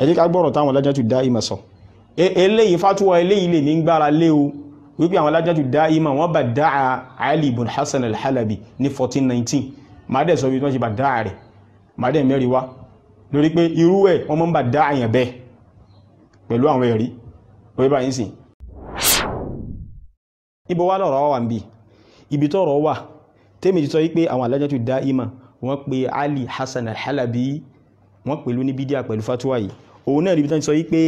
ẹ jẹ́ ká gbọ́rọ̀ táwọn alájátù dá ìmọ̀ sọ e, eléyìí fatuwa eléyìí lè ní gbára lé o wípé àwọn alájátù dá ìmọ̀ wọ́n bá dáa Ali ibn Hasan al-Halabi ní 1419 máa dẹ̀ sọ bí wọ́n ṣe bá dáa rẹ̀ máa dẹ̀ mẹ́rin wá lórí pé irú ẹ̀ wọ́n mọ́ ń bá dáa yẹn bẹ́ẹ̀ pẹ̀lú àwọn ẹ̀rí wọ́n bá yín sìn. ibo wa lọ́rọ̀ wà ń bì ibi tọ́rọ̀ wà tèmi ti sọ wípé àwọn alájátù dá ìmọ̀ wọ́n pe Ali Hasan al-Halabi wọ́n pẹ̀lú ní bídíà pẹ̀lú fatuwa yìí òun náà níbi tán ti sọ yí pé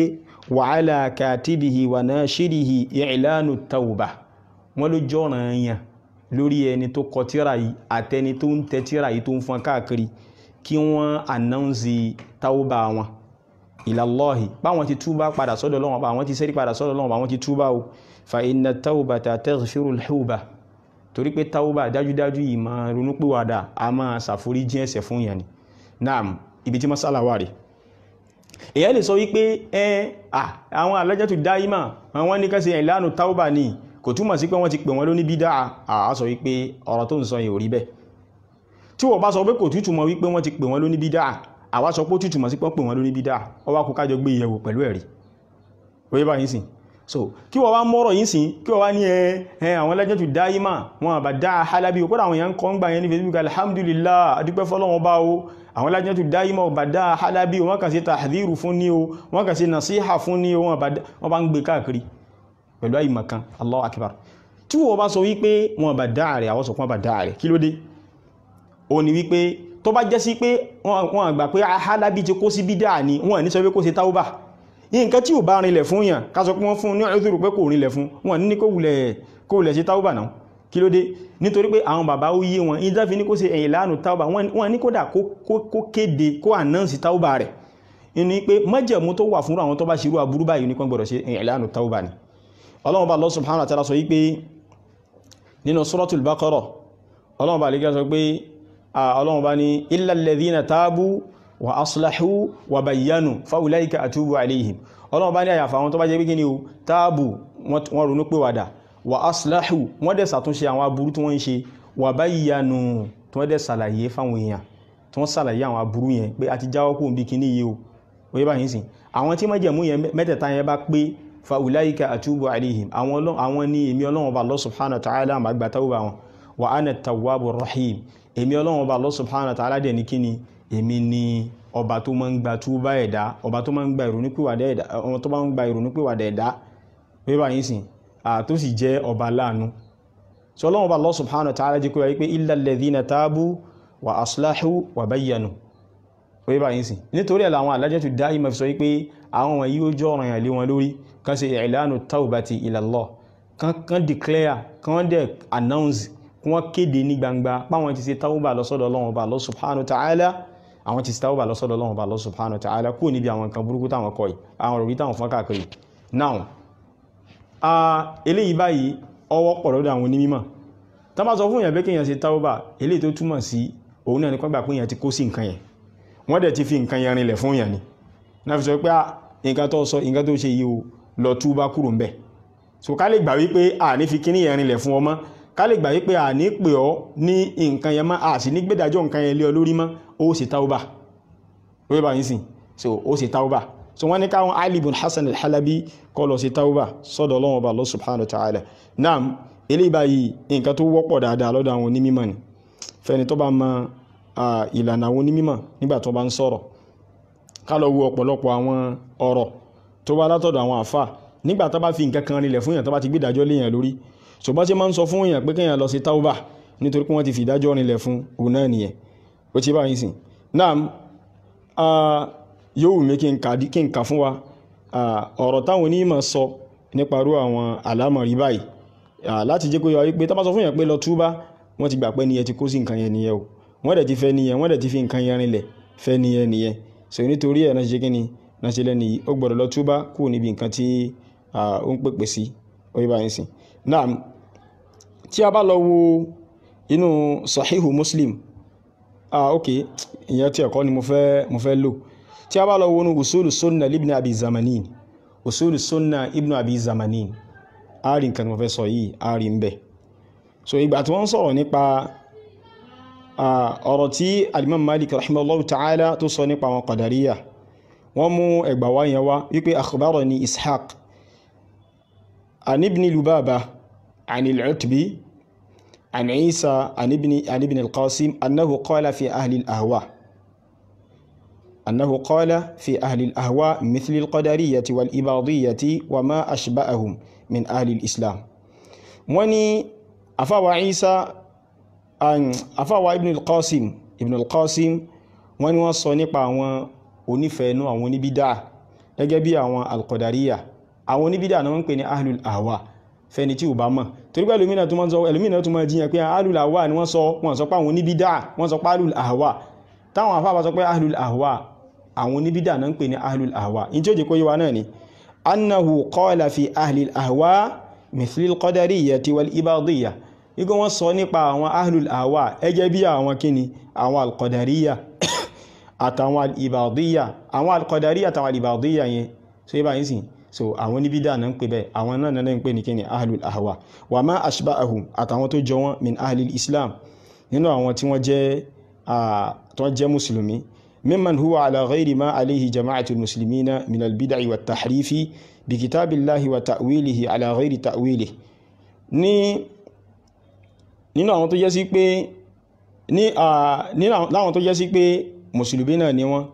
wàhálà kàtíbìhì wà náà ṣídìhì ìlànà tàwùbà wọn ló jọ̀ràn yàn lórí ẹni tó kọ tíra yìí àtẹni tó ń tẹ tíra yìí tó ń fọn káàkiri kí wọ́n ànáǹsì tàwùbà wọn ìlàlọ́hì báwọn ti túbá padà sọ́dọ̀ Ọlọ́run bá wọn ti sẹ́rí padà sọ́dọ̀ Ọlọ́run bá wọn ti túbá o fa iná tàwùbà tà lẹ́wùbà torí pé tàwùbà dájúdájú yìí ronúpìwàdà a máa ṣàforíjì ẹ̀ṣẹ̀ fún yàn ni naam ibi tí masala wà èyàn lè sọ wípé ẹ́ àwọn alájẹ́tù dáímà àwọn ní kẹsẹ̀ ìlànà taubà ní kò túmọ̀ sí pé wọ́n ti pè wọ́n lóní bídá àá sọ wípé ọ̀rọ̀ tó ń sọ yìí ò rí bẹ́ẹ̀ tí wọ́n bá sọ pé kò tútùmọ̀ wípé wọ́n ti pè wọ́n lóní bídá àwa sọ pé ó tútùmọ̀ sí pé wọ́n pè wọ́n lóní bídá ọwá kó kájọ gbé ìyẹ̀wò pẹ̀lú ẹ̀rí oyè bá yín sìn so kí wọ́n wá mọ́rọ̀ yín sìn kí wọ́n wá ní ẹ ẹ àwọn alájẹ́tù dáímà wọn àbá dá halabi kódà àwọn èèyàn ń kọ́ ń gbà yẹn ní Facebook alhamdulillah adúpẹ́ fọlọ́wọn bá o àwọn lájínà tó dáyímọ̀ ọ̀bàdá alábí wọ́n kà sí tàhírù fún ní o wọ́n kà sí nàṣíhà fún ní o wọ́n bá ń gbé káàkiri pẹ̀lú àìmọ̀ kan Allahu akbar tí wọ́n bá sọ wípé wọn bá dá ààrẹ àwọn sọ̀kan bá dá ààrẹ kí ló dé o ní wípé tó bá jẹ́ sí pé wọn àgbà pé alábí ti kó sí bídà ni wọn ní sọ pé kó ṣe táwọ́bà nǹkan tí ò bá rinlẹ̀ fún yàn ká pé wọ́n fún ní ọ̀rẹ́dùrù pé kò rinlẹ̀ fún wọn ní kó wulẹ̀ kó táwọ́bà náà kí ló dé nítorí pé àwọn bàbá ó yé wọn ìdáfi ní kó ṣe ẹ̀yìn lánà táwọ́bà wọn ní kódà kó kéde kó ànáǹsì táwọ́bà rẹ̀ ní pé májẹ̀mú tó wà fúnra àwọn tó bá ṣerú aburú báyìí nípa gbọ́dọ̀ ṣe ẹ̀yìn lánà táwọ́bà ni ọlọ́run bá lọ subhanahu wa ta'ala sọ wípé nínú suratul baqara ọlọ́run bá lè sọ pé ọlọ́run bá ní illal ladhina tábù wa aslahu wa bayyanu fa ulaika atubu bá ní àyàfà àwọn tó bá jẹ́ pé kí ni o tábù wọn ronú pé wàdà wà aslahu wọ́n dẹ̀ ṣàtúnṣe àwọn aburú tí wọ́n ń ṣe wà bayyanu tí wọ́n dẹ̀ ṣàlàyé fáwọn èèyàn tí wọ́n ṣàlàyé àwọn aburú yẹn pé a ti jáwọ́ kó nbí kíní yìí o oyè báyìí sìn àwọn tí májẹ̀mú yẹn mẹ́tẹ̀ẹ̀ta yẹn bá pé fa ulaika atubu àwọn ní èmi ọlọ́run ọba Allah subhanahu wa ta'ala máa gba tawba wọn wa ana tawwabu rahim èmi ọlọ́run ọba Allah subhanahu wa ta'ala dẹ̀ ní kíni èmi ni ọba tó máa ń gba túbá ẹ̀dá ọba tó máa ń gba ìrònúpìwàdà ẹ̀dá tó sì jẹ́ ọba láàánú so ọlọ́run bá Allah subhanahu wa ta'ala jẹ́ kó yé pé illal ladhina tabu wa aslahu wa bayyanu oye báyìí sìn nítorí ẹ̀ làwọn alájẹ́tù dáìmọ̀ fi sọ wípé àwọn wọ̀nyí ó jọ ọ̀ràn ìlú wọn lórí kan ṣe ìlànà taubati ila Allah kan declare kan dẹ̀ announce kí wọ́n kéde ní gbangba páwọn ti ṣe tauba lọ́sọ̀dọ̀ Ọlọ́run Ọba Allah subhanahu wa ta'ala àwọn ti kúrò níbi àwọn kan burúkú táwọn kọ́ a eléyìí báyìí ọwọ́ pọ̀ lọ́dọ̀ àwọn onímọ̀ tó bá sọ fún èèyàn pé kéèyàn ṣe táwọ́bà eléyìí tó túmọ̀ sí òun náà ní kọ́gbà pé èèyàn ti kó sí nǹkan yẹn wọ́n dẹ̀ ti fi nǹkan yẹn rinlẹ̀ fún èèyàn ni náà fi sọ pé ah, nǹkan tó sọ nǹkan tó ṣe yìí o lọ tú bá kúrò ń bẹ̀ so ká lè gbà wípé a ní fi kíní yẹn rinlẹ̀ fún ọmọ ká lè gbà wípé a ní pè ọ́ ní nǹkan yẹn mọ́ a sì ní gbẹ́dájọ́ nǹkan yẹn lé ọ lórí mọ́ ó sì táwọ́bà lórí bá yín so ó sì táwọ́bà so wọ́n ní káwọn Ali ibn Hasan al-Halabi kó lọ sí tauba sọ́dọ̀ Ọlọ́run Ọba Allah subhanahu wa ta'ala naam eléyìí báyìí nǹkan tó wọ́pọ̀ dáadáa lọ́dọ̀ àwọn onímọ̀ ni fẹ́ni tó bá mọ ìlànà àwọn onímọ̀ nígbà tó bá ń sọ̀rọ̀ ká lọ ọ̀pọ̀lọpọ̀ àwọn ọ̀rọ̀ tó wá látọ̀dọ̀ àwọn àfà nígbà tó bá fi nǹkan kan rinlẹ̀ fún èèyàn tó bá ti gbé ìdájọ́ léèyàn lórí ṣùgbọ́n ṣe máa ń sọ fún èèyàn pé kéèyàn lọ sí tauba nítorí pé wọ́n ti fi ìdájọ́ rinlẹ̀ fún òun náà nìyẹn ó ti báyìí sìn náà yóò wù mí kí n kà fún wa ọ̀rọ̀ táwọn onímọ̀ sọ nípa irú àwọn àlámọ̀rí báyìí láti jẹ́ kó yọ wípé tọ́pá sọ fún yẹn pé lọ túbá wọ́n ti gbà pé nìyẹn ti kó sí nǹkan yẹn nìyẹn o wọ́n dẹ̀ ti fẹ́ nìyẹn wọ́n dẹ̀ ti fi nǹkan yẹn rinlẹ̀ fẹ́ nìyẹn nìyẹn so nítorí ẹ̀ náà ṣe kí ni náà ṣe lẹ́nu yìí ó gbọ́dọ̀ lọ túbá kúrò níbi nǹkan tí ó ń pèpè sí orí báyìí sìn náà tí a bá lọ wo inú sahihu muslim ah okay ìyẹn tí ẹ̀kọ́ ni mo fẹ́ tí a bá lọ wọnú usulu sunna ibn abi zamanin usulu sunna ibn abi zamanin a rí nǹkan tí mo fẹ́ sọ yìí a rí ń bẹ̀ so ìgbà tí wọ́n sọ̀rọ̀ nípa ọ̀rọ̀ tí alimam malik rahimahullahu ta'ala tó sọ nípa àwọn qadariya wọ́n mú ẹgbà wá yẹn wá wípé akhbarani ishaq an lubaba an utbi عن عيسى عن ابن عن ابن القاسم أنه قال في أنه قال في أهل الأهواء مثل القدرية والإباضية وما أشبأهم من أهل الإسلام وني أفاوى عيسى أن أفاوى ابن القاسم ابن القاسم وني وصنق عن onífẹ̀ẹ́nú àwọn oníbídà gẹ́gẹ́ bí àwọn alkọ̀dáríyà àwọn oníbídà náà ń pè ní ahlul ahwa fẹ́ni tí ò bá mọ̀ torí pé ẹlòmínà tó máa ń sọ ẹlòmínà tó máa jiyàn pé ahlul ahwa ni wọ́n sọ wọ́n oníbídà wọ́n sọ pé táwọn afábà sọ pé ahlul àwọn oníbídà náà ń pè ní ahlul ahwa in tí ó jẹ́ kó yíwa náà ni annahu qala fi ahlil ahwa mithlil qadariyyati wal ibadiyya igbó wọ́n sọ nípa àwọn ahlul ahwa ẹgẹ́ bí àwọn kíni àwọn alqadariyya àtàwọn alibadiyya àwọn alqadariyya àtàwọn alibadiyya yẹn so yíba yín sìn so àwọn oníbídà náà ń pè bẹ́ẹ̀ àwọn náà náà ń pè ní kíni ahlul ahwa wa ma ashba'ahum àtàwọn tó jọ wọn min ahlil islam nínú àwọn tí wọ́n jẹ́ mùsùlùmí ممن هو على غير ما عليه جماعة المسلمين من البدع والتحريف بكتاب الله وتأويله على غير تأويله ní nínú àwọn tó jẹ́ sí pé ní láwọn tó jẹ́ sí pé mùsùlùmí náà ni wọ́n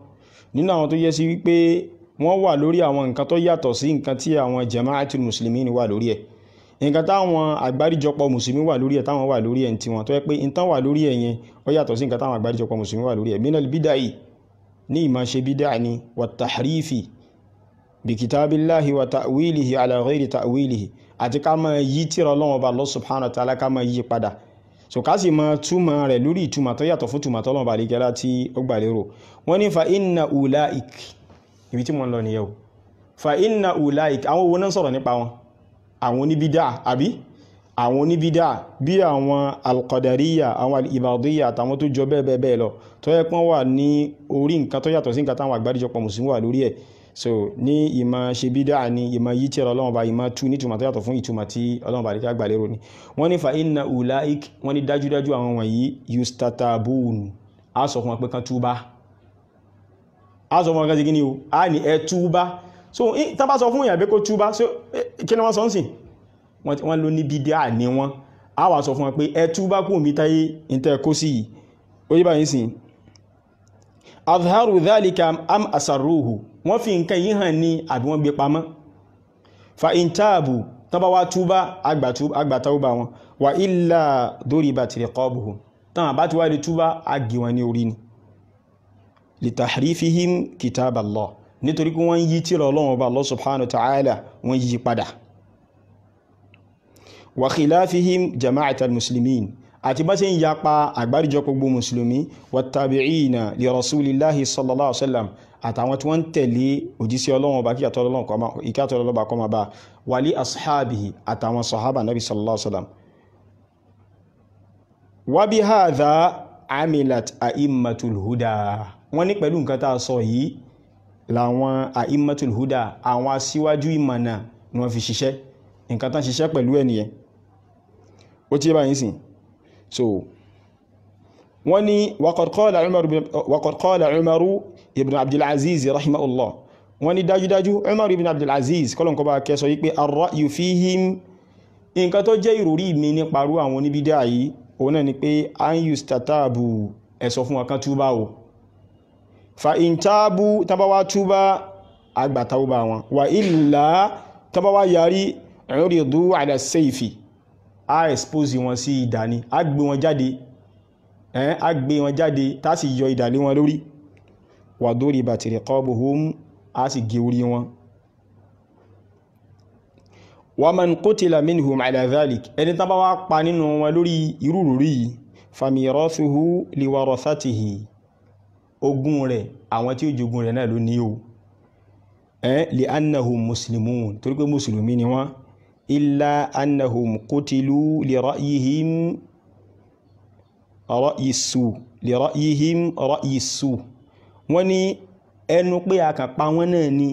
nínú àwọn tó jẹ́ sí pé wọ́n wà lórí àwọn nǹkan tó yàtọ̀ sí nǹkan tí àwọn jama'atul muslimin wà lórí ẹ̀ nǹkan táwọn àgbáríjọpọ̀ mùsùlùmí wà lórí ẹ̀ táwọn wà lórí ẹ̀ ń tiwọn tó yẹ pé nǹkan wà lórí ẹ̀ ó yàtọ̀ sí nǹkan táwọn àgbáríjọpọ̀ mùsùlùmí wà lórí ẹ̀ minal bidai ní ìmá ṣe bídá ni wà tàhrífì bí kìtàbíláhi wà tàwílìhì ala ghairi tàwílìhì àti ká máa yí tírà Ọlọ́hun Ọba Allah subhanahu wa ta'ala ká máa yí padà so ká sì máa túmọ̀ rẹ̀ lórí ìtumọ̀ tó yàtọ̀ fún túmọ̀ tó Ọlọ́hun Ọba tí ó gbà lérò wọ́n ní fa ulaik ibi tí mo ń lọ nìyẹn o fa ulaik àwọn owó náà sọ̀rọ̀ nípa wọn àwọn oníbídà àbí àwọn oníbídà bí àwọn alkọ̀dàríyà àwọn ìbàdíyà àtàwọn tó jọ bẹ́ẹ̀ bẹ́ẹ̀ lọ tó yẹ pọ́n wà ní orí nǹkan tó yàtọ̀ sí nǹkan táwọn àgbáríjọpọ̀ mùsùlùmí wà lórí ẹ̀ so ní ìmọ̀ ṣe bídà ní ìmọ̀ yìí tí ọlọ́run bá ìmọ̀ tú nítumọ̀ tó yàtọ̀ fún ìtumọ̀ tí ọlọ́run bá rí ká gbàlérò ni wọ́n ní fa inna ulaik wọ́n ní dájúdájú àwọn wọ̀nyí yustatabun a sọ fún wọn pé kan túbá a sọ fún wọn kan ti kí ni o a ní ẹ túbá so tá bá sọ fún ìyàbẹ́ kó túbá so kí ni wọ́n sọ ń sìn wọ́n ló ní bídíà ní wọ́n a wà sọ fún wọn pé ẹ tú bá kú mi táyé ìtẹ́ kó sí yìí ó yí báyìí sìn azharu dhalika am asaruhu wọ́n fi nǹkan yìí hàn ní àbí wọ́n gbé pamọ́ fa intaabu tọ́ba wá túbá agbàtàwùbá wọn wà illa duribat riqabuhum tán àbá ti wá di túbá àgè wọn ní orí ni litahrifihim kitab Allah nítorí pé wọ́n yí tírà Ọlọ́run ọba Allah subhanahu wọ́n yí padà wa khilafihim jama'atul muslimin àti bá ṣe ń yapa àgbáríjọ gbogbo mùsùlùmí wattabi'ina li rasulillahi sallallahu alaihi wasallam àtàwọn tí wọ́n ń tẹ̀lé òjíṣẹ́ ọlọ́run ọba kí àtọ́lọ́ ọba kọ́ máa bá wàlí ashabihi àtàwọn sahaba nabi sallallahu alaihi wasallam wa bi hadha wọ́n ní pẹ̀lú nǹkan tá ó ti yé báyìí sìn so wọ́n ní waqad qala umaru ibn abdulaziz rahimahullah wọ́n ní dájúdájú umaru ibn abdulaziz kọ́lọ̀ nǹkan bá kẹ́ sọ wípé ar-ra'yu fihim nǹkan tó jẹ́ ìròrí mi nípa irú àwọn oníbídà yìí òun náà ni pé an yustatabu ẹ̀sọ̀ fún ọkàn túbá o fa in tábú tábáwá túbá agbàtàwó bá wọn wà illa tábáwá yarí uridu ala sayfi á expose wọn sí idà ni á gbé wọn jáde ẹ̀ á gbé wọn jáde tá a sì yọ idà lé wọn lórí wàdórí bàtìrì kọ́ọ̀bù hóum á sì gé orí wọn. wàmán kótìlà minhum ala dhalik ẹni tábà wá pa nínú wọn lórí irú rúrí yìí famirọ́fihù liwarọ́sátìhì ogún rẹ̀ àwọn tí ó jogun rẹ̀ náà ló ní o ẹ̀ lè annahum muslimun torí pé mùsùlùmí ni wọ́n. إلا أنهم قتلوا لرأيهم رأي السوء لرأيهم رأي السوء وني ní ẹnu pé a kàn pa wọ́n náà ni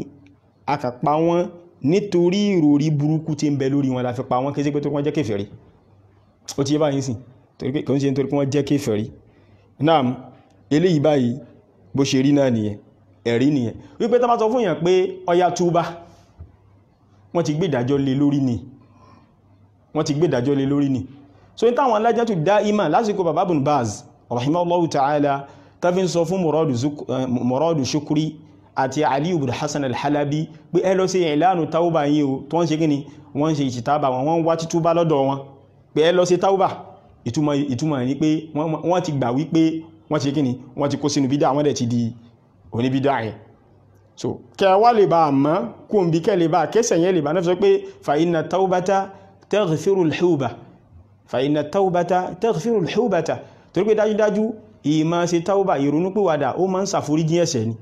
a kàn pa wọ́n nítorí ìròrí burúkú tí ń bẹ lórí wọn la fi pa wọ́n kí n ṣe pé tó wọ́n jẹ́ kèfèrí ó ti yé báyìí sìn kò ń ṣe nítorí pé jẹ́ kèfèrí náà eléyìí báyìí bó ṣe rí náà nìyẹn ẹ̀rí nìyẹn wípé tá bá sọ fún yàn pé ọya túbá wọ́n ti gbé ìdájọ́ lé lórí ni wọ́n ti gbé ìdájọ́ lórí ni so ní táwọn alájẹ́tù dá imá lásìkò bàbá bùn baz rahimahullahu ta'ala tàbí ń sọ fún mọ̀rọ̀dù ṣukuri eh, àti aliyu bin hassan alhalabi pé ẹ lọ sí ìlànà tauba yìí o tó ń ṣe gíní wọ́n ṣe ìṣìtàbà wọn wọ́n wá títúbá lọ́dọ̀ wọn pé ẹ lọ sí tauba ìtumọ̀ ní pé wọ́n ti gbà ṣe gíní wọ́n so kẹ wá lè bá a mọ́ kó n bí kẹ lè bá a kẹsẹ̀ yẹn lè bá a náà sọ pé fàyínà taubata tẹ́rìfìrù lẹ́hùbà fàyínà taubata tẹ́rìfìrù lẹ́hùbàta torí pé dájúdájú ìmọ̀ ṣe tauba ìrònúpìwàdà ó máa ń ṣàforíjì ẹ̀ṣẹ̀ ni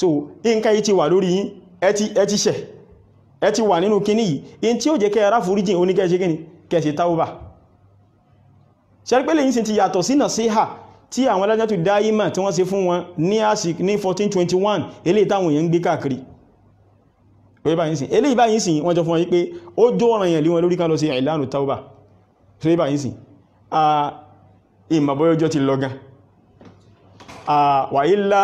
so nǹkan yìí ti wà lórí yín ẹ ti ṣẹ̀ ẹ wà nínú kíní yìí in tí ó jẹ́ kẹ́ ara foríjì oníkẹ́ tí àwọn alájátù dáyímà tí wọ́n ṣe fún wọn ní àsìkò ní 1421 eléyìí táwọn èèyàn ń gbé káàkiri eléyìí báyìí sìn wọ́n jọ fún wọn wípé ó jó ọ̀ràn yẹn lé wọn lórí kan lọ sí ìlànà tauba tó yí báyìí sìn ìmọ̀bọ́yọ́jọ́ ti lọ́gán wàílá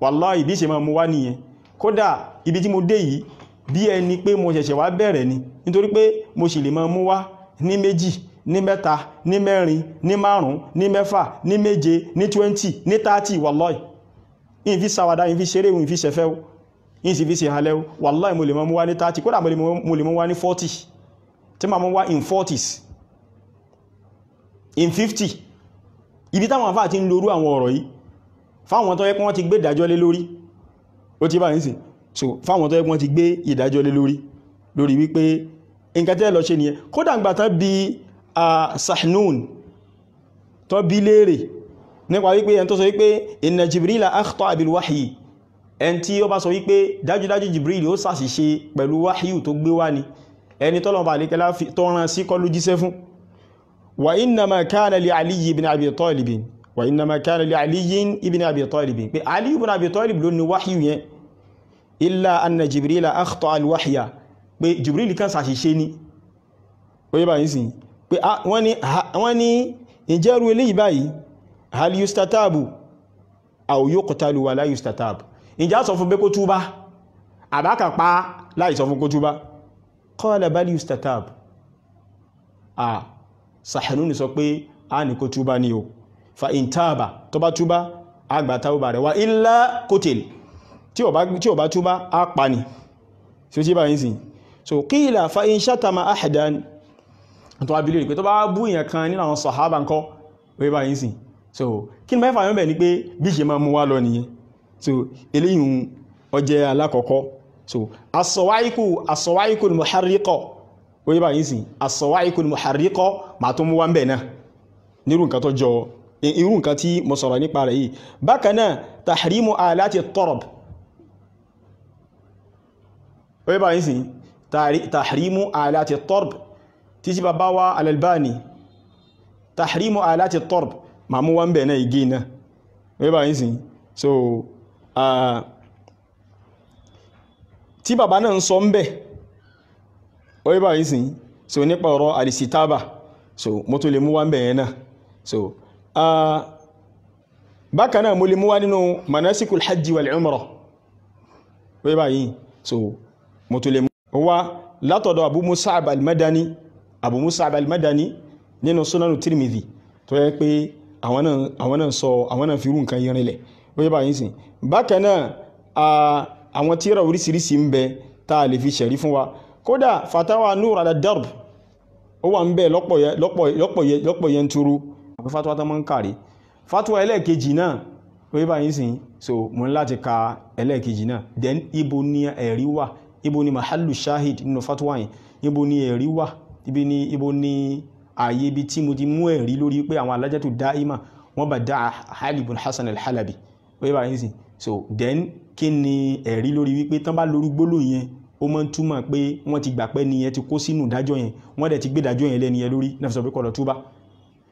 wàlá ìbí ṣe máa mú wá nìyẹn kódà ibi tí mo dé yìí bí ẹni pé mo ṣẹ̀ṣẹ̀ wá bẹ̀rẹ̀ ni nítorí pé ní mẹ́ta ní mẹ́rin ní márùn-ún ní mẹ́fà ní méje ní twenty ní thirty wàlọ́ì yìí fi sàwádà yìí fi ṣeré yìí fi ṣẹ̀fẹ́ o yìí sì fi ṣe halẹ́ o wàlọ́ì mo lè mọ́ mú wá ní thirty kódà mo lè mọ́ wá ní forty tí màá mọ́ wá in forties in fifty ibi táwọn afáà ti ń lorú àwọn ọ̀rọ̀ yìí fáwọn tó yẹ kí wọ́n ti gbé ìdájọ́ lé lórí ó ti bá yín sìn so fáwọn tó yẹ kí wọ́n ti gbé ìdájọ́ lé lórí lórí wípé nǹkan tẹ́ lọ ṣe nìyẹn kódà ń bíi Sahnun tó bí léèrè nípa wípé ẹn tó sọ wípé inna Jibrila akhta'a bil wahyi ẹn tí ó bá sọ wípé dájúdájú Jibril ó ṣàṣìṣe pẹ̀lú wáhíù tó gbé wá ni ẹni tọ́lọ̀mọ̀ àlékẹ́lá tó rán sí kọlu jíṣẹ́ fún wa innama kana li Aliyi ibn Abi Talibin wa innama kana li Aliyin ibn Abi Talibin pé Ali ibn Abi Talib ló ní wáhíù yẹn illa anna Jibrila akhta'a al wahya pé Jibril kan ṣàṣìṣe ni ó yẹ báyìí sìn pé ah, wọ́n ní ìjẹ́rú eléyìí báyìí hal yustatabu aw yuqtalu wala yustatabu ìjà sọ fún pé kó túbá àbákà pa láì sọ fún kó túbá qala bal a à ni sọ pé a ní kó túbá ní o fa in taba tó bá túbá àgbà tábà rẹ̀ wà illa qutil tí ò bá túbá á pa ni so qila fa in shatama ahadan tó wá bí lórí pé tó bá bú èèyàn kan nínú àwọn sọ̀hábà ńkọ́ wọ́n bá yín sìn so kí ni bá fàyọ́ bẹ̀ ni pé bí ṣe máa mú wá lọ nìyẹn so eléyìí ọjẹ́ alákọ̀ọ́kọ́ so asọ̀wáìkù asọ̀wáìkù ni muharriqo wọ́n bá yín sìn asọ̀wáìkù ni muharriqo màá tó mú wá ń bẹ̀ náà nírú nǹkan tó jọ irú nǹkan tí mo sọ̀rọ̀ nípa rẹ̀ yìí bákan náà tahrimu alati torob wọ́n bá yín sìn tahrimu alati torob títí bàbá wa al-Albani tahrimu alati torb ma mú wọ́n bẹ̀ náà igi náà wíbà yìí sí so tí bàbá náà ń sọ ń bẹ̀ wíbà yìí sí so nípa ọ̀rọ̀ alisitaba so mo tó lè mú wọ́n bẹ̀ náà so bákan náà mo lè mú wá nínú manasikul hajji wal umra wíbà yìí so mo tó lè mú wá látọ̀dọ̀ Abu Mus'ab Abu musa al-Madani nínú Sunanu Tirmidhi tó yẹ pé àwọn náà àwọn náà sọ àwọn náà fi irú nǹkan yẹn rinlẹ̀ bóyá báyìí sìn bákan náà àwọn tíra oríṣiríṣi ń bẹ tá a lè fi ṣẹ̀rí fún wa kódà fatawa Nur ala Darb ó wà ń bẹ lọ́pọ̀ yẹn turu àpé fatawa tó máa ń kàrí fatawa ẹlẹ́ẹ̀kejì náà bóyá báyìí sìn so mo ní láti ka ẹlẹ́ẹ̀kejì náà then ibo ni ẹ̀rí wà ibo ni mahalu shahid nínú fatawa yẹn ibo ni ẹ̀rí wà ibi ni ibo ni ààyè ibi tí mo ti mú ẹ̀rí lórí pé àwọn alájàtú dáìmà wọ́n bá dá Ali Hasan al wọ́n yẹ bá yín sìn so then kí ni ẹ̀rí lórí wípé tán bá lórí gbólóhùn yẹn ó máa ń túmọ̀ pé wọ́n ti gbà pé nìyẹn ti kó sínú ìdájọ́ yẹn wọ́n dẹ̀ ti gbé ìdájọ́ yẹn lẹ́niyẹn lórí náà pé kó túbá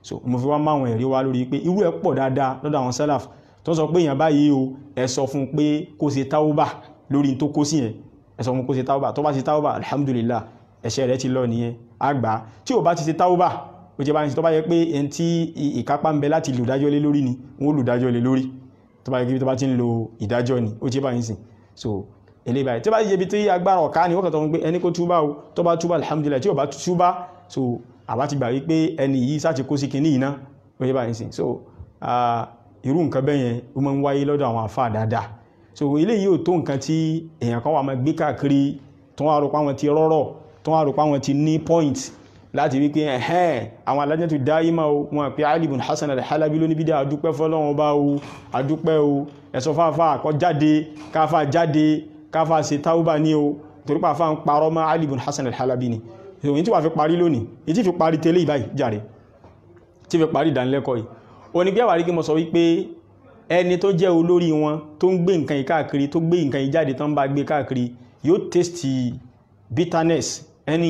so mo fi wá máwọn ẹ̀rí wá lórí pé irú ẹ̀ pọ̀ dáadáa lọ́dọ̀ àwọn sálàf tó sọ pé èèyàn báyìí o ẹ sọ fún un pé kó ṣe táwọ́bà lórí tó kó sí yẹn ẹ sọ fún un kó ṣe táwọ́bà tó bá ṣe táwọ́bà alhamdulillah ẹ̀ṣẹ̀ rẹ̀ ti lọ nìyẹn àgbà tí ò bá ti ṣe táwọ́bà ó ti bá ń ṣe yẹ pé ẹni tí ìkápá ń bẹ láti lù dájọ́ lé lórí ni wọ́n lù dájọ́ lé lórí tó bá yẹ kí tó ti ń lo ìdájọ́ ni ó ti bá ń sìn so eléyìí báyìí tí ó bá ti ṣe ibi tí agbára ọ̀ká ni wọ́n kàn tó pé ẹni kó túbá o tó bá alhamdulilayi tí ò bá túbá so àbá ti gbà wípé ẹni yìí sáti kó sí kinní yìí ná ó ti bá ń sìn so irú nǹkan bẹ́yẹn ó máa ń wáyé lọ́dọ̀ àwọn àfáà dáadáa so eléyìí ò tó nǹkan tí èèyàn kan wà máa gbé káàkiri tó wà rò pé àwọn ti rọ́rọ̀ tó wọ́n rò pé àwọn ti ní point láti wípé ẹ̀hẹ́n àwọn alájẹ́tù dáímà o wọn pé Ali ibn Hasan al-Halabi ló níbi dá àdúpẹ́ fọ́lọ́wọ́n bá o àdúpẹ́ o ẹ̀sọ́ fáfá àkọ́ jáde káfá jáde káfá ṣe táúbà ní o torí pa fáwọn parọ́ mọ́ Ali ibn Hasan al-Halabi ni èyí tí wà fi parí lónìí èyí tí fi parí tẹ́lẹ̀ ìbáyìí jàre tí fi parí ìdánilẹ́kọ̀ọ́ yìí onígbẹ́wà rí kí mo sọ wípé ẹni tó jẹ́ olórí wọn tó ń bitterness ẹni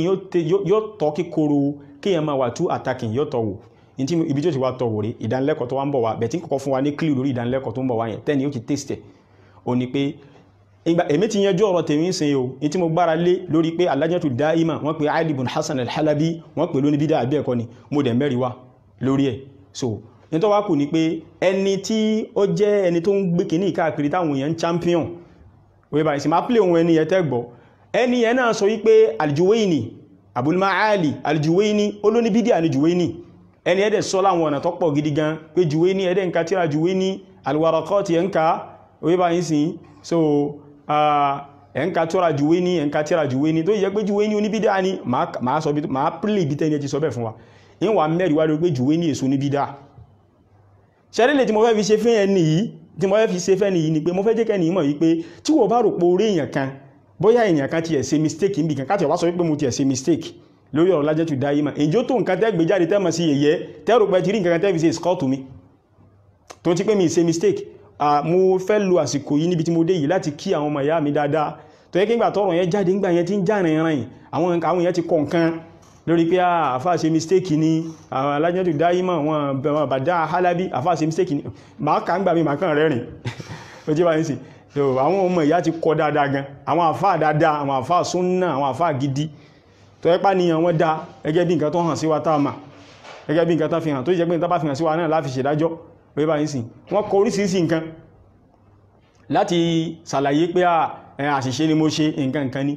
yóò tọ́ kíkorò kéèyàn máa wà tú attacking yóò tọ́ wò ntí ibi tí o ti wá tọ̀ wòre ìdánilẹ́kọ̀ọ́ tó wá ń bọ̀ wá bẹ̀tí kọ́kọ́ fún wa ní clear lórí ìdánilẹ́kọ̀ọ́ tó ń bọ̀ wá yẹn tẹ́ni ó ti taste ẹ̀ o ní pé ìgbà èmi ti yanjú ọ̀rọ̀ tèmi ń sìn o ntí mo gbára lé lórí pé alájọ́tù dáímà wọ́n pe ali ibn hasan al-halabi wọ́n pè lónìí bídà àbí ẹ̀kọ́ ni mo dẹ̀ mẹ́rin wá lórí ẹ̀ so nítorí wá kù ni pé ẹni tí ó jẹ́ ẹni tó ń gbé kínní káàkiri táwọn èèyàn ń champion òye báyìí sì máa play ohun ẹni yẹn tẹ́ ẹni yẹn náà sọ wípé aljuwaini abulmaali aljuwaini olóní bídíà ni juwaini ẹni ẹ̀dẹ̀ sọ láwọn ọ̀nà tó pọ̀ gidi gan pé juwaini ẹ̀dẹ̀ nka tíra juwaini alwarakọ́ọ̀tì ẹ̀nka orí bá yín sìn so ẹ̀nka tíra juwaini ẹ̀nka tíra juwaini tó yẹ pé juwaini oníbídíà ni màá sọ bí màá pílì bí tẹ́ni ẹ ti sọ bẹ́ẹ̀ fún wa ìwà mẹ́rin wá lórí pé juwaini èso oníbídíà ṣẹ́rẹ́lẹ̀ tí mo fẹ́ fi ṣe fẹ́ ẹni yìí tí mo fẹ́ fi ṣe fẹ́ ẹni yìí ni pé mo fẹ́ jẹ́ kẹ́ni mọ̀ wípé tí wọ́n bá rò pé orí èèyàn kan bóyá èèyàn kan tiẹ̀ ṣe mistake níbi kan káàtì ọ̀wá sọ wípé mo tiẹ̀ ṣe mistake lórí ọ̀rọ̀ Lajnatu Daima èjò tó nǹkan tẹ́ gbé jáde tẹ́mọ̀ sí yẹ̀yẹ́ tẹ́rù pẹ́ ti rí nǹkan tẹ́ fi ṣe skọ́ọ̀tù mi tó ti pé mi ṣe mistake mo fẹ́ lo àsìkò yìí níbi tí mo dé yìí láti kí àwọn ọmọ ìyá mi dáadáa tó yẹ kí ngbà tọrọ yẹn jáde ngbà yẹn ti ń járin rìn àwọn àwọn yẹn ti kọ nǹkan lórí pé àfa ṣe mistake ni àwọn Lajnatu Daima wọn bàdá Halabi àfa ṣe mistake ni màá kà ń gbà mí màá kàn rẹ́rìn ó ti bá yín sìn so àwọn ọmọ ìyá ti kọ́ dáadáa gan àwọn àfáà dáadáa àwọn àfáà súnnà àwọn àfáà gidi tó ẹ́pá ni àwọn dá gẹ́gẹ́ bí nǹkan tó hàn sí wa tá a mà gẹ́gẹ́ bí nǹkan tó fi hàn tó jẹ́ pé nǹkan bá fi hàn sí wa náà láfi ṣèdájọ́ pé báyìí sìn wọ́n kọ oríṣiríṣi nǹkan láti ṣàlàyé pé àṣìṣe ni mo ṣe nǹkan nǹkan ni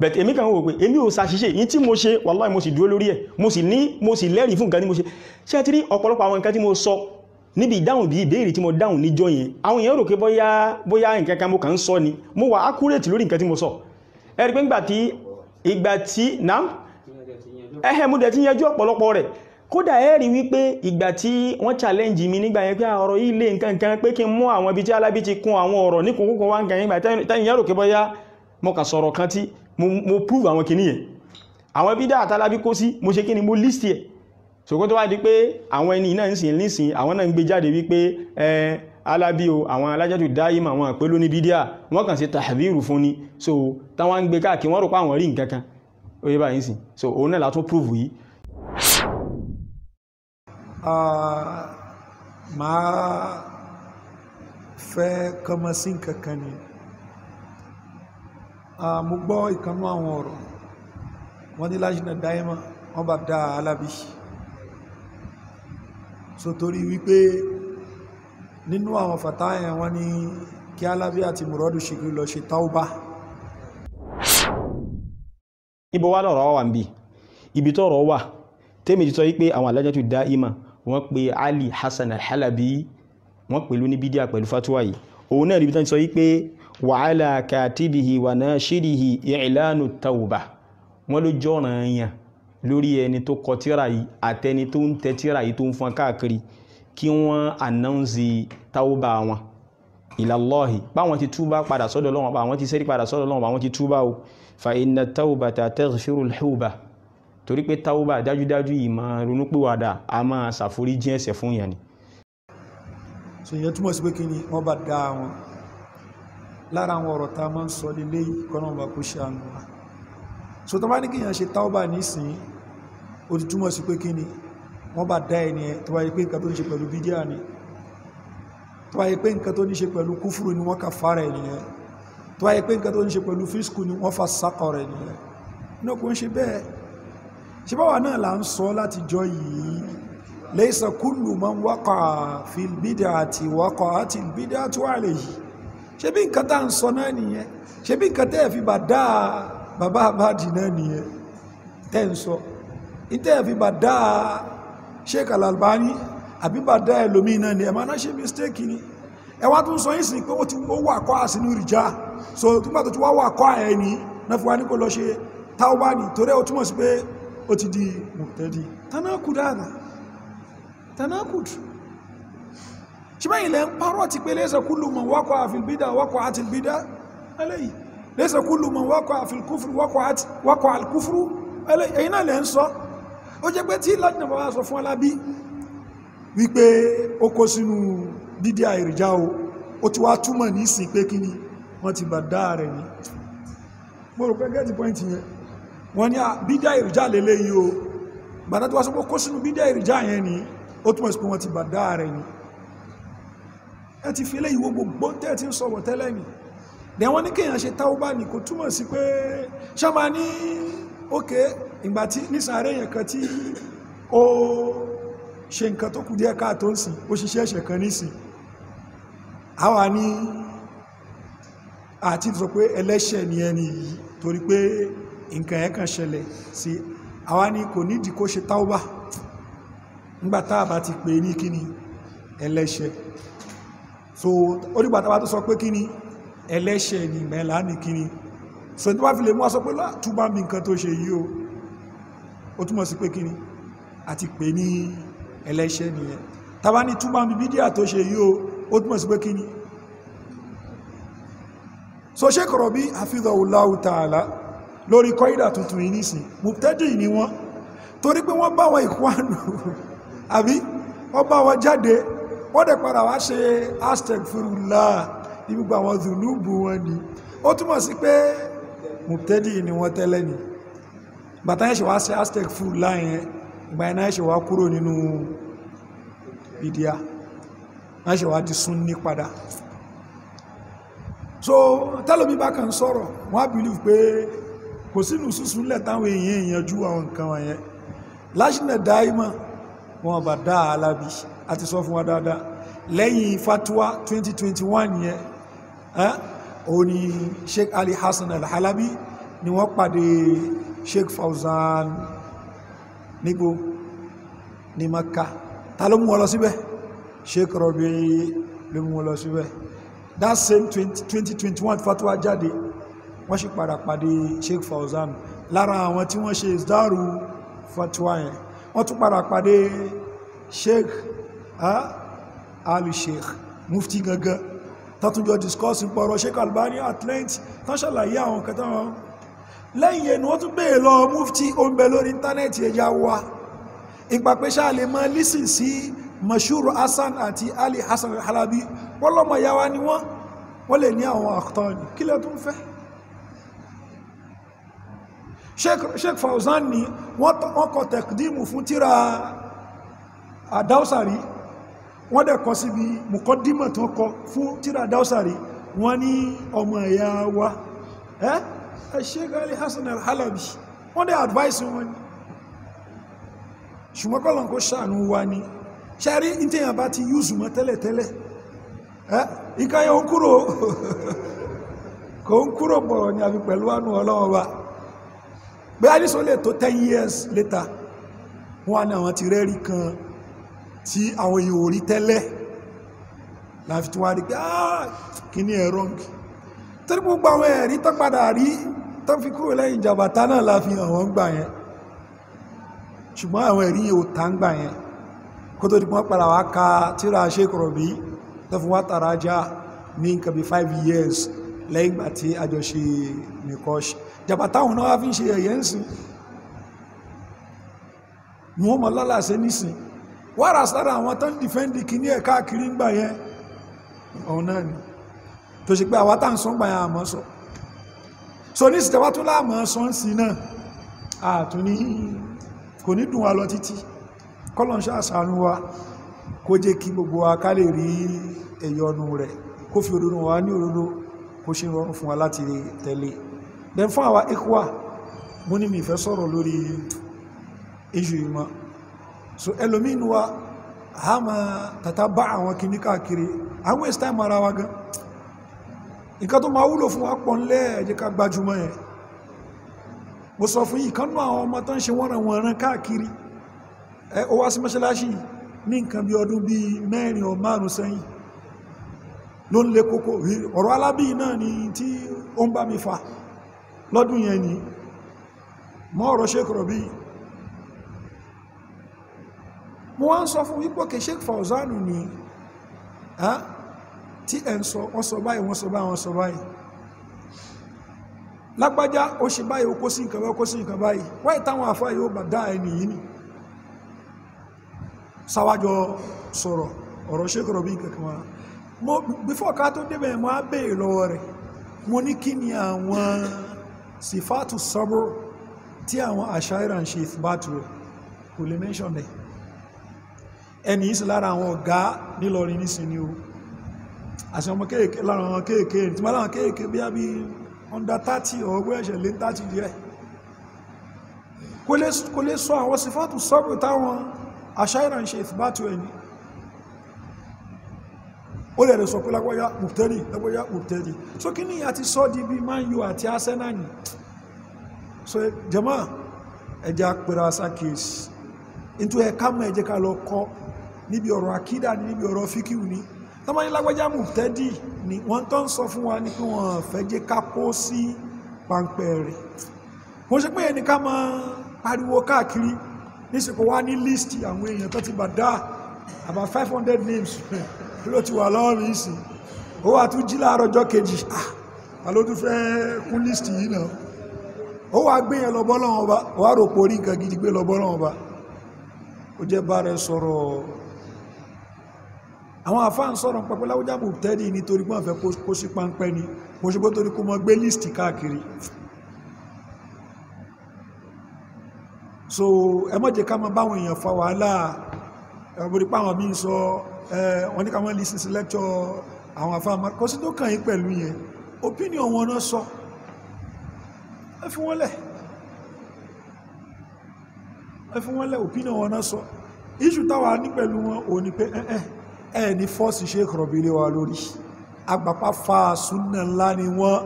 bẹ̀t èmi kan wò pé èmi ò ṣàṣìṣe yìí tí mo ṣe wàláì mo sì dúró lórí ẹ̀ mo sì ní mo sì lẹ́rìí fún nǹkan tí mo ṣe ṣé ẹ ti rí ọ̀pọ̀lọpọ̀ àwọn nǹkan tí mo sọ níbi ìdáhùn bíi ìbéèrè tí mo dáhùn níjọ́ yẹn àwọn èèyàn rò pé bóyá bóyá nǹkan kan mo kàn ń sọ ni mo wà accurate lórí nǹkan tí mo sọ ẹ rí pé ńgbà tí ìgbà tí nam ẹ̀hẹ̀ mo dẹ̀ ti yanjú ọ̀pọ̀lọpọ̀ rẹ̀ kódà ẹ rí wípé ìgbà tí wọ́n challenge mi nígbà yẹn pé ọ̀rọ̀ yìí lé nǹkan kan pé kí n mú àwọn ibi tí alábí ti kún àwọn ọ̀rọ̀ níkùnkùn wá nǹkan yẹn tẹ́yìn yẹn rò pé bóyá mo kà sọ̀rọ̀ kan tí mo prove àwọn kìnìyẹn àwọn bídà àtàlábí kó sí mo ṣe kí ni mo list yẹn ṣùgbọ́n tó wá di pé àwọn ẹni náà ń sìn nísìn àwọn náà ń gbé jáde wípé ẹ alábí o àwọn alájẹ́tù dáyìmọ̀ àwọn àpé ló ní bídíà wọ́n kàn sí tàbírù fún ni so táwọn ń gbé káàkiri wọ́n rò pé àwọn rí nǹkan kan ó yẹ báyìí sìn so òun náà látún prove yìí. màá fẹ́ kọ́mọ sí nǹkan kan ni mo gbọ́ ìkànnú àwọn ọ̀rọ̀ wọ́n ní lájìnà dáyìmọ̀ wọ́n bá dá alábí yìí so torí wípé nínú àwọn fàtáyẹ̀ wọ́n ní kí alábí àti mùrọ́dù ṣìkú lọ ṣe taubá ibo wá lọ́rọ̀ wà ń bí ibi tọ́rọ̀ wà tẹ́mi ti sọ wípé àwọn alájọ́ ti dá ima wọ́n pe Ali Hasan al-Halabi wọ́n pẹ̀lú ní bídíà pẹ̀lú fatuwa yìí òun náà níbi tán ti sọ wípé wa ala katibihi wa nashirihi i'lanu tawba wọ́n ló jọ́ràn yàn lórí ẹni tó kọ tíra yìí àtẹni tó ń tẹ tíra yìí tó ń fọn káàkiri kí wọ́n ànáǹsì táwọ́bà wọn ìlàlọ́hì báwọn ti túbá padà sọ́dọ̀ lọ́wọ́ báwọn ti sẹ́rí padà sọ́dọ̀ lọ́wọ́ báwọn ti túbá o fa iná táwọ́bà tà tẹ́sífìrù lẹ́wọ́bà torí pé táwọ́bà dájúdájú yìí máa ronúpìwàdà a máa ṣàforíjì ẹ̀ṣẹ̀ fún yẹn ni. ṣèyàn túmọ̀ sí pé kí ni wọ́n bá dá wọn lára àwọn ọ̀rọ̀ tá a máa ń sọ lélẹ́yìí kọ́nà ọba kò ṣe àná wa so tó bá ní kíyàn ṣe táwọ́bà nísìn ó ti túmọ̀ sí pé kí ni wọ́n bá dá ẹni ẹ tó bá yẹ pé nǹkan tó ní ṣe pẹ̀lú bídíà ni tó bá yẹ pé nǹkan tó ní ṣe pẹ̀lú kúfùrù ni wọ́n kà fara ẹnìyẹn tó bá pé nǹkan tó ní ṣe pẹ̀lú fíṣkù ni wọ́n fa sákọ̀ rẹ̀ nìyẹn náà kò ń ṣe bẹ́ẹ̀ ṣe báwa náà là ń sọ láti jọ yìí laysa kullu man waqa'a fil bid'ati waqa'at al bid'atu alayhi ṣe bí nǹkan tá ń sọ náà nìyẹn ṣe bí nǹkan tẹ́ẹ̀ fi bà dáa bàbá àbáàdì náà nìyẹn tẹ́ ń sọ ìtẹ́ fi bà dáa Sheikh Al-Albani àbí bà dáa ẹlòmíì náà ni ẹ̀ máa ṣe mistake ni ẹ wá tún sọ yín sí pé ó ti wà kọ́ àsínú ìrìjà so túnbà tó ti wá wà kọ́ ẹni náà fi wá ní kò lọ ṣe táwọ́bá ní torí ó túmọ̀ sí pé ó ti di mọ̀tẹ́dì tanakud àdà tanakud ṣùgbọ́n ilẹ̀ ń parọ́ ti pé lẹ́sẹ̀ kúlù mọ̀ wákọ̀ àfìlbídà wákọ̀ àtìlbídà eléyìí ليس كل من وقع في الكفر وقعت وقع الكفر ẹ̀yìn náà lẹ́ ń sọ ó jẹ́ pé tí lájínà bàbá sọ fún alábí wípé ó kó sínú dídí àìrìjá o ó ti wá túmọ̀ ní ìsìn pé kí ni wọ́n ti bà dá rẹ̀ ní mo rò pé gẹ́ẹ̀tì pọ́ìntì yẹn wọ́n ní bídí àìrìjá lélẹ́ yìí ni dẹ̀ wọ́n ní kéèyàn ṣe ní kò túmọ̀ sí pé ṣọ́mà ní òkè ìgbà nísàárè yẹn kan tí ó ṣe nǹkan tó kù díẹ̀ káàtó ń sìn ó ṣiṣẹ́ ẹ̀ṣẹ̀ kan nísìn àwa ní àti ẹlẹ́ṣẹ̀ ni ẹni yìí torí pé bá ní kíni ẹlẹ́ṣẹ̀ so ó bá tó ẹlẹ́ṣẹ̀ ni mẹ́lá nìkíní so tí wọ́n fi lè mú aṣọ pé túbá mi nǹkan tó ṣe yìí o ó túmọ̀ sí pé kíní àti pè ní ẹlẹ́ṣẹ̀ nìyẹn tàbá ní túbá mi bídíà tó ṣe yìí o ó túmọ̀ sí pé kíní so ṣe kọ̀rọ̀ bí hafidhahullahu ta'ala lórí kọ́ídà tuntun yìí nísìn mubtadi ni wọ́n torí pé wọ́n bá wọn ìkwánu àbí wọ́n bá wọn jáde wọ́n dẹ̀ padà wá ṣe astagfirullah ní gbogbo àwọn zùnúùbù wọn ni ó túmọ̀ sí pé mùtẹ́dì ni wọ́n tẹ́lẹ̀ ni bàtà yẹn ṣe wá ṣe aztec food láyẹn ìgbà yẹn náà ṣe wá kúrò nínú ìdíyà náà ṣe wá di sunni padà so tẹ́lómi bá kàn sọ̀rọ̀ wọ́n á believe pé kò sínú sísun lẹ̀ táwọn èèyàn ìyanjú àwọn nǹkan wọ̀nyẹn láṣìnà dáímà wọn bá dá alábi àti sọ fún wa dáadáa lẹ́yìn fatuwa 2021 yẹn òní sheikh ali hasan al-halabi ni wọ́n pàdé sheikh fauzan nígbò ní maka ta ló mú wọn lọ síbẹ̀ sheikh rabi ló mú wọn lọ síbẹ̀ that same 2021 fatwa jáde wọ́n sì padà pàdé sheikh fauzan lára àwọn tí wọ́n ṣe ìsdáàrù fatwa yẹn wọ́n tún padà pàdé sheikh alu sheikh mufti gangan tàtúnjọ discourse pọ̀rọ̀ Sheikh Albani at length tán ṣàlàyé àwọn kẹta wọn lẹ́yìn ẹnu wọ́n tún bèèrè lọ mufti oúnbẹ lórí íńtánẹ́ẹ̀tì ẹja wa ìgbà pé ṣáà lè máa lísìn sí Mashur Hasan àti Ali Hasan Halabi wọ́n lọ́mọ ìyá wa ni wọ́n wọ́n lè ní àwọn àkọ́tọ̀ kí lẹ́ tún fẹ́ Sheikh Fawzan ni wọ́n kọ tẹ̀kídìmù fún tíra àdáwsàrí wọ́n dẹ̀ kọ síbi mùkọ́dímọ̀ tó kọ fún tíra dáúsàrí wọ́n ní ọmọ ẹ̀yà wa ẹ́ Sheikh Ali Hasan al-Halabi wọ́n dẹ̀ advice wọn ni ṣùgbọ́n kọ́lọ̀ kó ṣàánú wa ni ṣàrí ìtẹ̀yàn bá ti yúzù mọ́ tẹ́lẹ̀tẹ́lẹ̀ ẹ́ ìkáyọ̀ ń kúrò kò ń kúrò bọ̀ ní years later wọ́n á ní tí àwọn èèyàn ò rí tẹ́lẹ̀ láti tí wọ́n rí pé ah, kí ní ẹ̀rọ nǹkì torí gbogbo àwọn ẹ̀rí tó padà rí tó fi kúrò lẹ́yìn jàbàtà náà la fi hàn wọ́n gbà yẹn ṣùgbọ́n àwọn ẹ̀rí yìí ò tá ń gbà yẹn kó tó di pọ́n padà wá ka tíra ṣékọ̀rọ̀ bí tó fi wá tàrà já ní nǹkan bí five years lẹ́yìn ìgbà tí àjọ ṣe nìkan ṣe jàbàtà òun náà wá fi ń ṣe ẹ̀yẹ́ ń sìn ni wọ́n mọ̀ lálàsẹ́ nísìn wàrà sára àwọn tán dìfẹ́ǹdì kìíní ẹ̀ káàkiri ń gbà yẹn ọ̀hún náà ni tó ṣe pé àwa tá à ń sọ ń gbà yẹn àmọ́ sọ so ní ìsìtẹ́wá tó láàmọ́ sọ ń sí náà àtún ní kò ní dùn wa lọ títí kọ́lọ̀ ń ṣàṣàánú wa kó jẹ́ kí gbogbo wa ká lè rí ẹ̀yọnu rẹ̀ kó fi òdodo wa ní òdodo kó ṣe rọrùn fún wa láti tẹ̀lé then fún àwa ikwa mo ní mi ìfẹ́ sọ̀rọ̀ lórí iṣu ìmọ̀ so ẹlòmínú wa a máa tàtà bá àwọn kìíní káàkiri àwọn èsì táìmù ara wa gan nǹkan tó máa wúlò fún wa pọ̀ ńlẹ́ ẹ jẹ́ ká gbajúmọ̀ yẹn mo sọ fún yìí kánú àwọn ọmọ tó ṣe wọ́nran wọ́nran káàkiri ẹ ó wá sí mọ́ṣáláṣí ní nǹkan bí ọdún bíi mẹ́rin ọ márùn sẹ́yìn ló ń lé kókó ọ̀rọ̀ alábí náà ni tí ó ń bá mi fà lọ́dún yẹn ni mọ́ ọ̀rọ̀ ṣe kọ̀rọ̀ bíi mo wá ń sọ fún wípé kì í ṣe fàwùzánù ni tí ẹ̀ ń sọ wọ́n sọ báyìí wọ́n sọ báyìí wọ́n sọ báyìí lágbájá ó ṣe báyìí ó kó sí nǹkan ó kó sí nǹkan báyìí wáyé táwọn afá yóò bá dá ẹni yìí ni sáwájọ sọ̀rọ̀ ọ̀rọ̀ ṣe kọ̀rọ̀ bí kankan wọn mo bífọ̀ ká tó débẹ̀ mo á béèrè lọ́wọ́ rẹ̀ mo ní kí ni àwọn sìfátù sabr tí àwọn àṣà ìrànṣe ìfúbátù rẹ̀ kò lè mẹ́ṣọ̀n ẹni yìí sì lára àwọn ọ̀gá nílọrin nísìn ni o àti ọmọ kéèké lára àwọn kéèké tí wọ́n láwọn kéèké bí i under thirty ọgbọ́n ẹ̀ṣẹ̀ lé thirty díẹ̀ kó lè sọ àwọn sífàtù sọ́bù táwọn aṣáìrà ń ṣe ìfìbátò ẹni ó lè rẹ̀ sọ pé lágbọ́yá mùtẹ́rì lágbọ́yá mùtẹ́rì so kí ni àti sọ́ di bí Man U àti Arsenal ni so jẹ́mọ́ ẹja pẹ̀rẹ̀ àṣà kìí into ẹ̀ka mọ́ ẹ̀jẹ̀ ká lọ kọ́ níbi ọ̀rọ̀ akídà ní níbi ọ̀rọ̀ fíkìwù ní tọ́mọ ní lágbájá mùtẹ́dì ni wọ́n tó ń sọ fún wa ní pé wọ́n fẹ́ jẹ́ ká kó sí pańpẹ́ rẹ̀ mo ṣe pé ẹnìkan máa pariwo káàkiri nísìkò wá ní líìsì àwọn èèyàn tó ti bà dá about five hundred names ló ti wà lọ́rùn ìsìn ó wà tún jí láàárọ̀ ọjọ́ kejì àlótú fẹ́ kún líìsì yìí náà ó wà gbé yẹn lọ́bọ́ lọ́wọ́ ọba ó wà rò porí nǹkan gidi gbé lọ́bọ́ lọ́wọ́ ọba ó jẹ́ bá rẹ sọ̀rọ̀ àwọn àfá ń sọ̀rọ̀ pẹ̀pẹ́ láwújábù tẹ́rì nítorí pọ́n fẹ́ kó sí páńpẹ́ ni mo ṣe bó torí kó mọ́ gbé lístì káàkiri so ẹ má jẹ́ ká má báwọn èèyàn fa wàhálà ẹ̀bùrí páwọn sọ wọ́n ní ká wọ́n lísì sí lẹ́kṣọ́ àwọn àfá kò sí tó kàn yín pẹ̀lú yẹn opinion wọn náà sọ ẹ opinion wọn náà sọ issue táwa ní pẹ̀lú wọn ẹni fọ́sí Sheikh Rabi lé wa lórí agbapá fa súnà ńlá ni wọ́n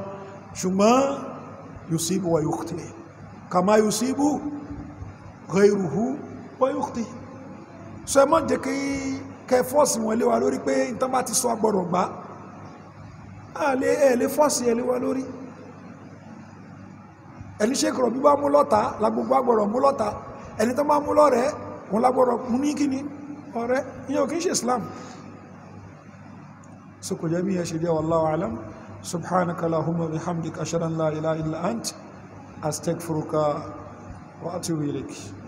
ṣùgbọ́n yusibu wa yukhti kama yusibu ghayruhu wa yukhti so ẹ mọ́ jẹ́ kí kẹ fọ́sí wọn lé wa lórí pé ìtàn bá ti sọ agbọ̀rọ̀ gbá ẹ lè fọ́sí ẹ lé wa lórí ẹni Sheikh Rabi bá mú lọ́ta lágbogbo agbọ̀rọ̀ mú lọ́ta ẹni tó bá mú lọ́rẹ̀ẹ́ wọn lágbọ̀rọ̀ mú ní kíni ọ̀rẹ́ ìyẹn ò kí ń ṣe Islam siku jamii yashiria wallahu alam subhanaka allahumma bihamdika ashhadu an la ilaha illa ant astaghfiruka wa atubu ilayk